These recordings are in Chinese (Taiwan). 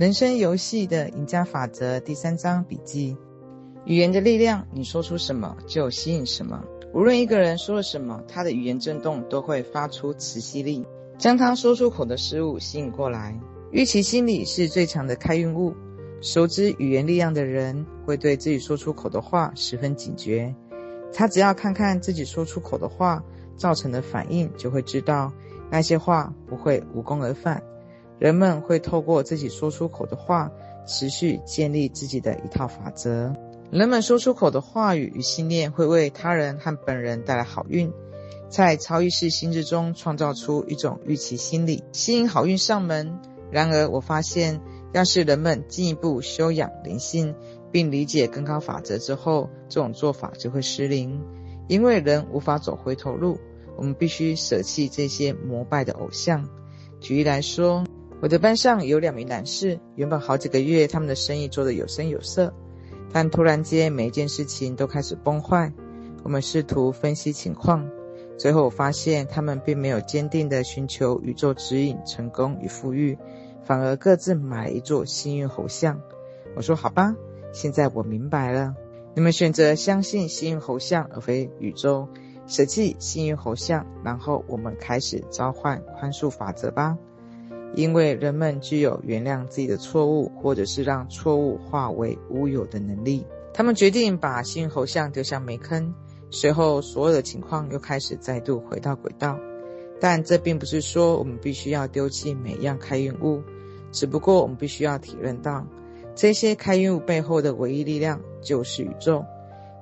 人生遊戲的贏家法則第三章筆記：語言的力量，你說出什麼就吸引什麼。無論一個人說了什麼，他的語言振動都會發出磁吸力，將他說出口的事物吸引過來。預期心理是最強的開運物。熟知語言力量的人，會對自己說出口的話十分警覺。他只要看看自己說出口的話造成的反應，就會知道那些話不會無功而返。人們會透過自己說出口的話，持續建立自己的一套法則。人們說出口的話語與信念會為他人和本人帶來好運，在超意識心智中創造出一種預期心理，吸引好運上門。然而，我發現，要是人們進一步修養靈性，並理解更高法則之後，這種做法就會失靈，因為人無法走回頭路。我們必須捨棄這些膜拜的偶像。舉例來說。我的班上有兩名男士，原本好幾個月他們的生意做得有聲有色，但突然間每一件事情都開始崩壞。我們試圖分析情況，最後發現他們並沒有堅定地尋求宇宙指引成功與富裕，反而各自買了一座幸運猴像。我說：“好吧，現在我明白了，你們選擇相信幸運猴像而非宇宙，捨棄幸運猴像，然後我們開始召喚寬恕法則吧。”因為人們具有原諒自己的錯誤，或者是讓錯誤化為烏有的能力。他們決定把幸運猴像丟向煤坑，隨後所有的情況又開始再度回到軌道。但這並不是說我們必須要丟棄每一樣開運物，只不過我們必須要體認到，這些開運物背後的唯一力量就是宇宙。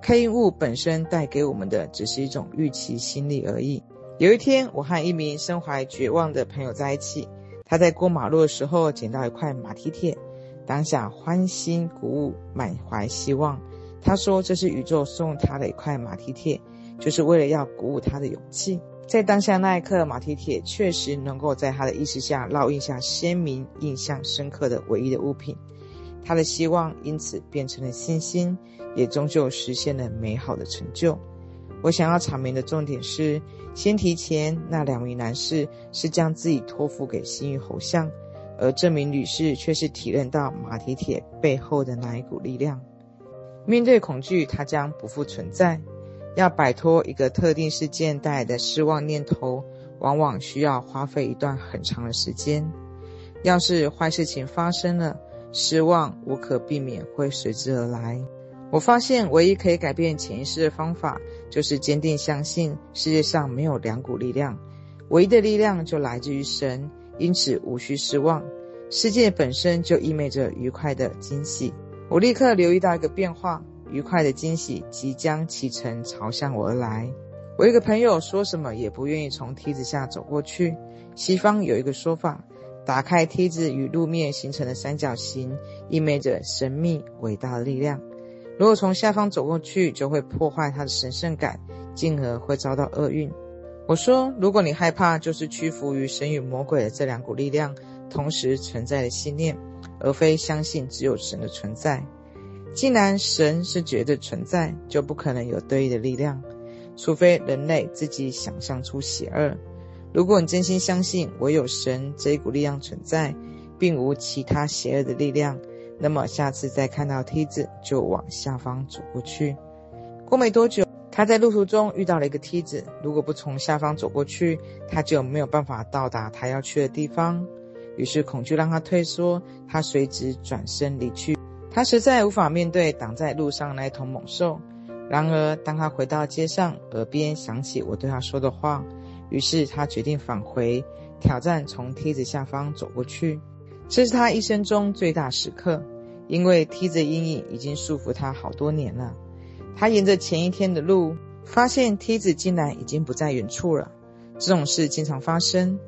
開運物本身帶給我們的只是一種預期心理而已。有一天，我和一名身懷絕望的朋友在一起。他在過馬路的時候撿到一塊馬蹄鐵，當下歡欣鼓舞，滿懷希望。他說這是宇宙送他的一塊馬蹄鐵，就是為了要鼓舞他的勇氣。在當下那一刻，馬蹄鐵確實能夠在他的意識下烙印下鮮明、印象深刻的唯一的物品，他的希望因此變成了信心，也終究實現了美好的成就。我想要闡明的重點是，先提前那兩名男士是將自己托付給新玉侯相，而這名女士卻是體認到馬蹄鐵背後的那一股力量。面對恐懼，它將不復存在。要擺脫一個特定事件帶來的失望念頭，往往需要花費一段很長的時間。要是壞事情發生了，失望無可避免會隨之而來。我發現唯一可以改變潛意識的方法，就是堅定相信世界上沒有兩股力量，唯一的力量就來自於神，因此無需失望。世界本身就意味着愉快的驚喜。我立刻留意到一個變化，愉快的驚喜即將啟程朝向我而來。我一個朋友說什麼也不願意從梯子下走過去。西方有一個說法，打開梯子與路面形成的三角形，意味着神秘偉大的力量。如果從下方走過去，就會破壞它的神聖感，進而會遭到厄運。我說，如果你害怕，就是屈服於神與魔鬼的這兩股力量同時存在的信念，而非相信只有神的存在。既然神是絕對存在，就不可能有對立的力量，除非人類自己想象出邪惡。如果你真心相信唯有神這一股力量存在，並無其他邪惡的力量。那麼下次再看到梯子，就往下方走過去。過沒多久，他在路途中遇到了一個梯子，如果不從下方走過去，他就沒有辦法到達他要去的地方。於是恐懼讓他退縮，他隨即轉身離去。他實在無法面對擋在路上那頭猛獸。然而當他回到街上，耳邊響起我對他說的話，於是他決定返回，挑戰從梯子下方走過去。這是他一生中最大時刻，因為梯子的陰影已經束縛他好多年了。他沿着前一天的路，發現梯子竟然已經不在遠處了。這種事經常發生。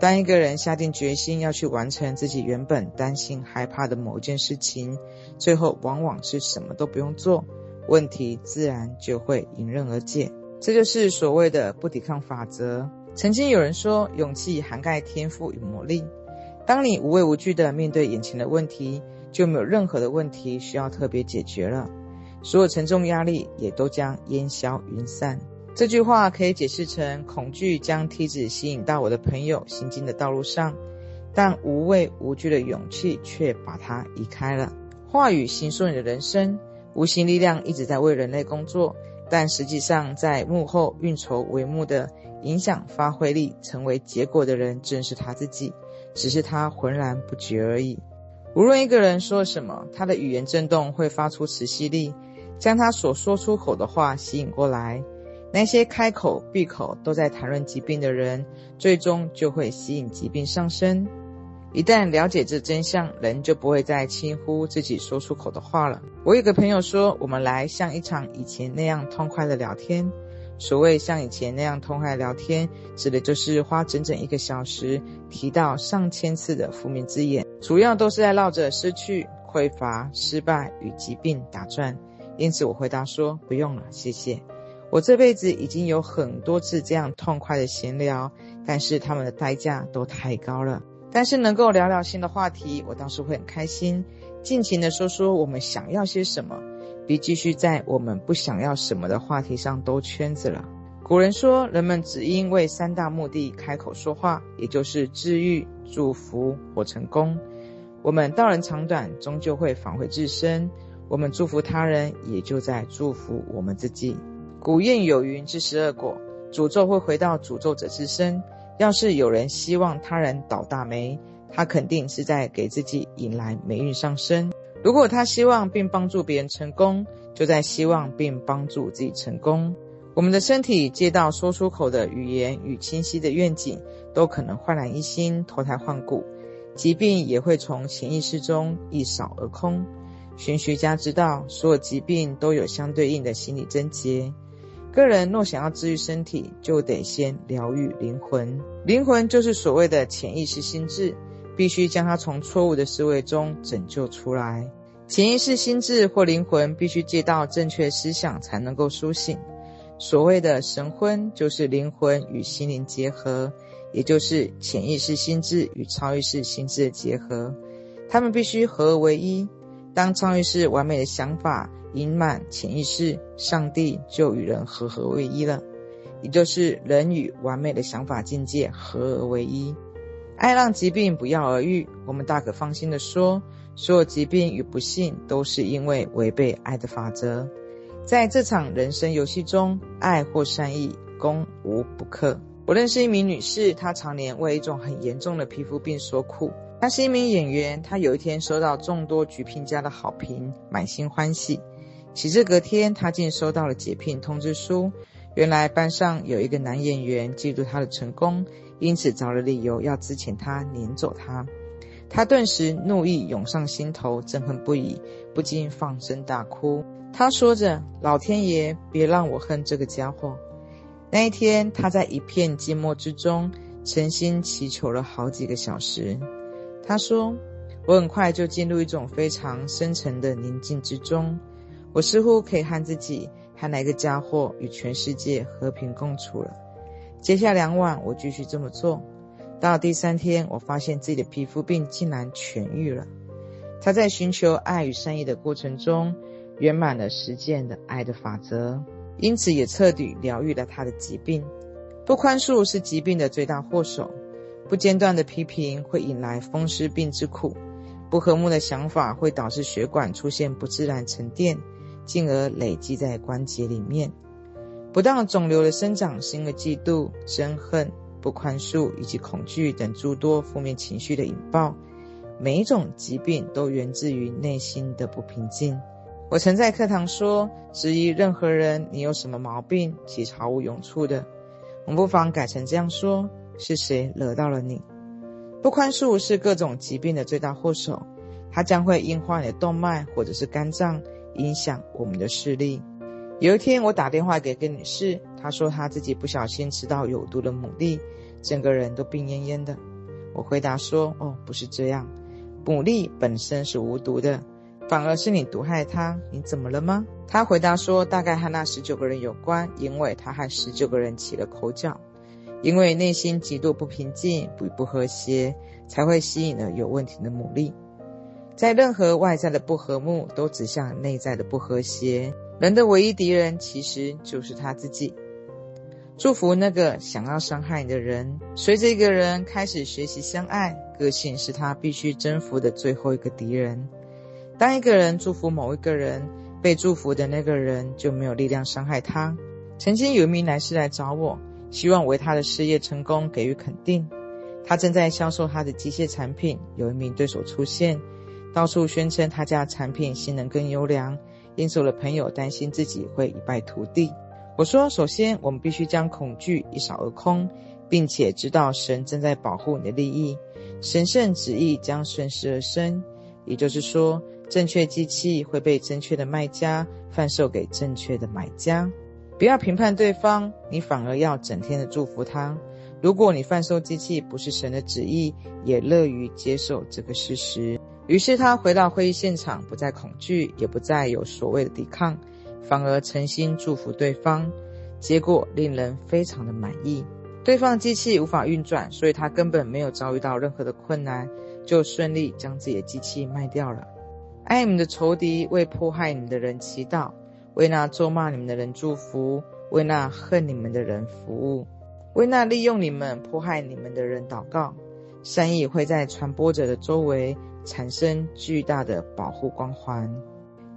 當一個人下定決心要去完成自己原本擔心害怕的某件事情，最後往往是什麼都不用做，問題自然就會迎刃而解。這就是所謂的不抵抗法則。曾經有人說，勇氣涵蓋天賦與魔力。當你無畏無懼地面對眼前的問題，就沒有任何的問題需要特別解決了，所有沉重壓力也都將煙消雲散。這句話可以解釋成：恐懼將梯子吸引到我的朋友行進的道路上，但無畏無懼的勇氣卻把它移開了。話語形塑你的人生，無形力量一直在為人類工作，但實際上在幕後運籌帷幄的影響發揮力，成為結果的人正是他自己。只是他渾然不覺而已。無論一個人說什麼，他的語言震動會發出磁吸力，將他所說出口的話吸引過來。那些開口閉口都在談論疾病的人，最終就會吸引疾病上身。一旦了解這真相，人就不會再輕忽自己說出口的話了。我有個朋友說，我們來像一場以前那樣痛快的聊天。所謂像以前那樣痛快聊天，指的就是花整整一個小時提到上千次的負面字眼，主要都是在繞着失去、匱乏、失敗與疾病打轉。因此，我回答說：“不用了，謝謝。我這輩子已經有很多次這樣痛快的閒聊，但是他們的代價都太高了。但是能夠聊聊新的話題，我倒是會很開心，盡情的說說我們想要些什麼。”別繼續在我們不想要什麼的話題上兜圈子了。古人說，人們只因為三大目的開口說話，也就是治癒、祝福或成功。我們道人長短，終究會返回自身。我們祝福他人，也就在祝福我們自己。古諺有云：“之十二果，詛咒會回到詛咒者自身。”要是有人希望他人倒大霉，他肯定是在給自己引來霉運上身。如果他希望並幫助別人成功，就在希望並幫助自己成功。我們的身體接到說出口的語言與清晰的願景，都可能煥然一新、脫胎換骨，疾病也會從潛意識中一掃而空。玄學家知道，所有疾病都有相對應的心理症結。個人若想要治癒身體，就得先療癒靈魂。靈魂就是所謂的潛意識心智。必須將它從錯誤的思維中拯救出來。潛意識心智或靈魂必須借到正確思想才能夠甦醒。所謂的神婚，就是靈魂與心靈結合，也就是潛意識心智與超意識心智的結合。他們必須合而為一。當超意識完美的想法盈滿潛意識，上帝就與人合合為一了，也就是人與完美的想法境界合而為一。愛讓疾病不藥而癒，我們大可放心地說，所有疾病與不幸都是因為違背愛的法則。在這場人生遊戲中，愛或善意攻無不克。我認識一名女士，她常年為一種很嚴重的皮膚病所苦。她是一名演員，她有一天收到眾多劇評家的好評，滿心歡喜。豈知隔天，她竟收到了解聘通知書。原來班上有一個男演員嫉妒他的成功，因此找了理由要辭遣他，攆走他。他頓時怒意湧上心頭，憎恨不已，不禁放聲大哭。他說着：“老天爺，別讓我恨這個家伙！”那一天，他在一片寂寞之中誠心祈求了好幾個小時。他說：“我很快就進入一種非常深沉的寧靜之中，我似乎可以恨自己。”看哪個家伙與全世界和平共處了？接下兩晚我繼續這麼做，到第三天，我發現自己的皮膚病竟然痊癒了。他在尋求愛與善意的過程中，圓滿了實踐的愛的法則，因此也徹底療癒了他的疾病。不寬恕是疾病的最大禍首，不間斷的批評會引來風濕病之苦，不和睦的想法會導致血管出現不自然沉澱。進而累積在關節裡面。不當腫瘤的生長是因為嫉妒、憎恨、不寬恕以及恐懼等諸多負面情緒的引爆。每一種疾病都源自於內心的不平靜。我曾在課堂說：“質疑任何人你有什麼毛病，其實毫無用處的。我們不妨改成這樣說：是誰惹到了你？不寬恕是各種疾病的最大禍首，它將會硬化你的動脈或者是肝臟。”影響我們的視力。有一天，我打電話給一個女士，她說她自己不小心吃到有毒的牡蠣，整個人都病懨懨的。我回答說：“哦，不是這樣，牡蠣本身是無毒的，反而是你毒害它。你怎麼了嗎？”她回答說：“大概和那十九個人有關，因為她和十九個人起了口角，因為內心極度不平靜、不與不和諧，才會吸引了有問題的牡蠣。”在任何外在的不和睦，都指向內在的不和諧。人的唯一敵人其實就是他自己。祝福那個想要傷害你的人。隨着一個人開始學習相愛，個性是他必須征服的最後一個敵人。當一個人祝福某一個人，被祝福的那個人就沒有力量傷害他。曾經有一名男士來找我，希望為他的事業成功給予肯定。他正在銷售他的機械產品，有一名對手出現。到處宣稱他家產品性能更優良，因此我的朋友擔心自己會一敗塗地。我說：“首先，我們必須將恐懼一掃而空，並且知道神正在保護你的利益。神聖旨意將順勢而生，也就是說，正確機器會被正確的賣家販售給正確的買家。不要評判對方，你反而要整天的祝福他。如果你販售機器不是神的旨意，也樂於接受這個事實。”於是他回到會議現場，不再恐懼，也不再有所謂的抵抗，反而誠心祝福對方。結果令人非常的滿意。對方機器無法運轉，所以他根本沒有遭遇到任何的困難，就順利將自己的機器賣掉了。愛你們的仇敵，為迫害你們的人祈禱，為那咒罵你們的人祝福，為那恨你們的人服務。為那利用你們迫害你們的人禱告。善意會在傳播者的周圍。產生巨大的保護光環，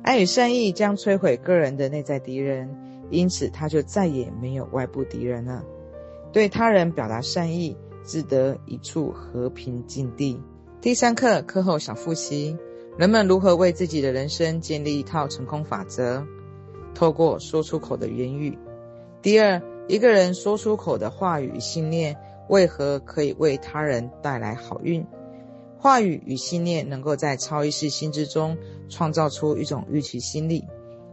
愛與善意將摧毀個人的內在敵人，因此他就再也沒有外部敵人了。對他人表達善意，自得一處和平境地。第三課課後小複習：人們如何為自己的人生建立一套成功法則？透過說出口的言語。第二，一個人說出口的話語信念，為何可以為他人帶來好運？話語與信念能夠在超意識心智中創造出一種預期心理，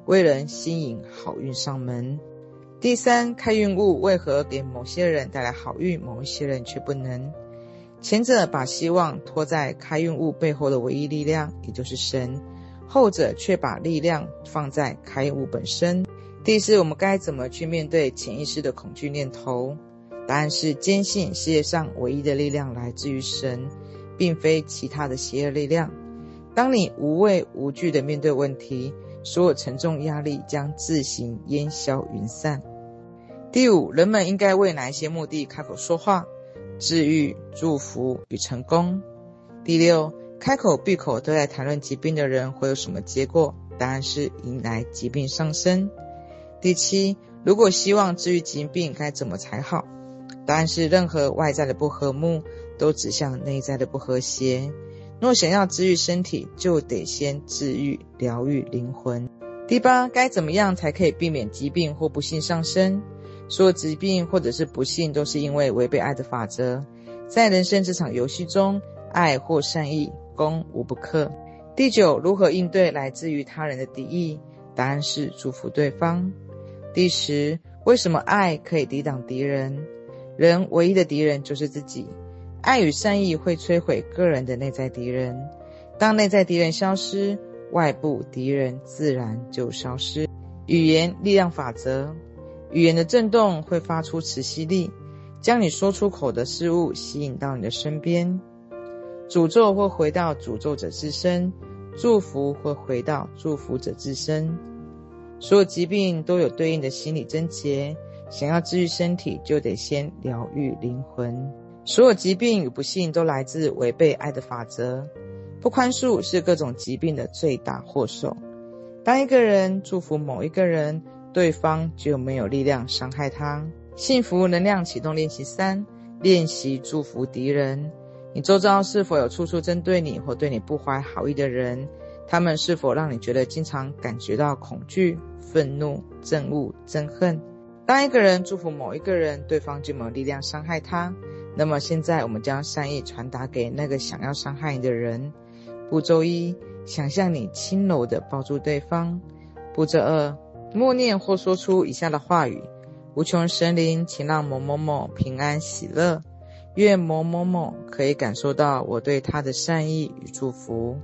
為人吸引好運上門。第三，開運物為何給某些人帶來好運，某一些人卻不能？前者把希望托在開運物背後的唯一力量，也就是神；後者卻把力量放在開運物本身。第四，我們該怎麼去面對潛意識的恐懼念頭？答案是堅信世界上唯一的力量來自於神。並非其他的邪惡力量。當你無畏無懼地面對問題，所有沉重壓力將自行煙消雲散。第五，人們應該為哪一些目的開口說話？治癒、祝福與成功。第六，開口閉口都在談論疾病的人會有什麼結果？答案是迎來疾病上升。第七，如果希望治癒疾病，該怎麼才好？答案是任何外在的不和睦，都指向內在的不和諧。若想要治癒身體，就得先治癒、療癒靈魂。第八，該怎麼樣才可以避免疾病或不幸上身？所有疾病或者是不幸，都是因為違背愛的法則。在人生這場遊戲中，愛或善意攻無不克。第九，如何應對來自於他人的敵意？答案是祝福對方。第十，為什麼愛可以抵擋敵人？人唯一的敵人就是自己。愛與善意會摧毀個人的內在敵人。當內在敵人消失，外部敵人自然就消失。語言力量法則：語言的震動會發出磁吸力，將你說出口的事物吸引到你的身邊。詛咒會回到詛咒者自身，祝福會回到祝福者自身。所有疾病都有對應的心理症結。想要治癒身體，就得先療癒靈魂。所有疾病與不幸都來自違背愛的法則。不寬恕是各種疾病的最大禍首。當一個人祝福某一個人，對方就沒有力量傷害他。幸福能量啟動練習三：練習祝福敵人。你周遭是否有處處針對你或對你不懷好意的人？他們是否讓你覺得經常感覺到恐懼、憤怒、憎惡、憎恨？當一個人祝福某一個人，對方就沒有力量傷害他。那麼現在，我們將善意傳達給那個想要傷害你的人。步驟一：想象你輕柔地抱住對方。步驟二：默念或說出以下的話語：無窮神靈，請讓某某某平安喜樂，願某某某可以感受到我對他的善意與祝福。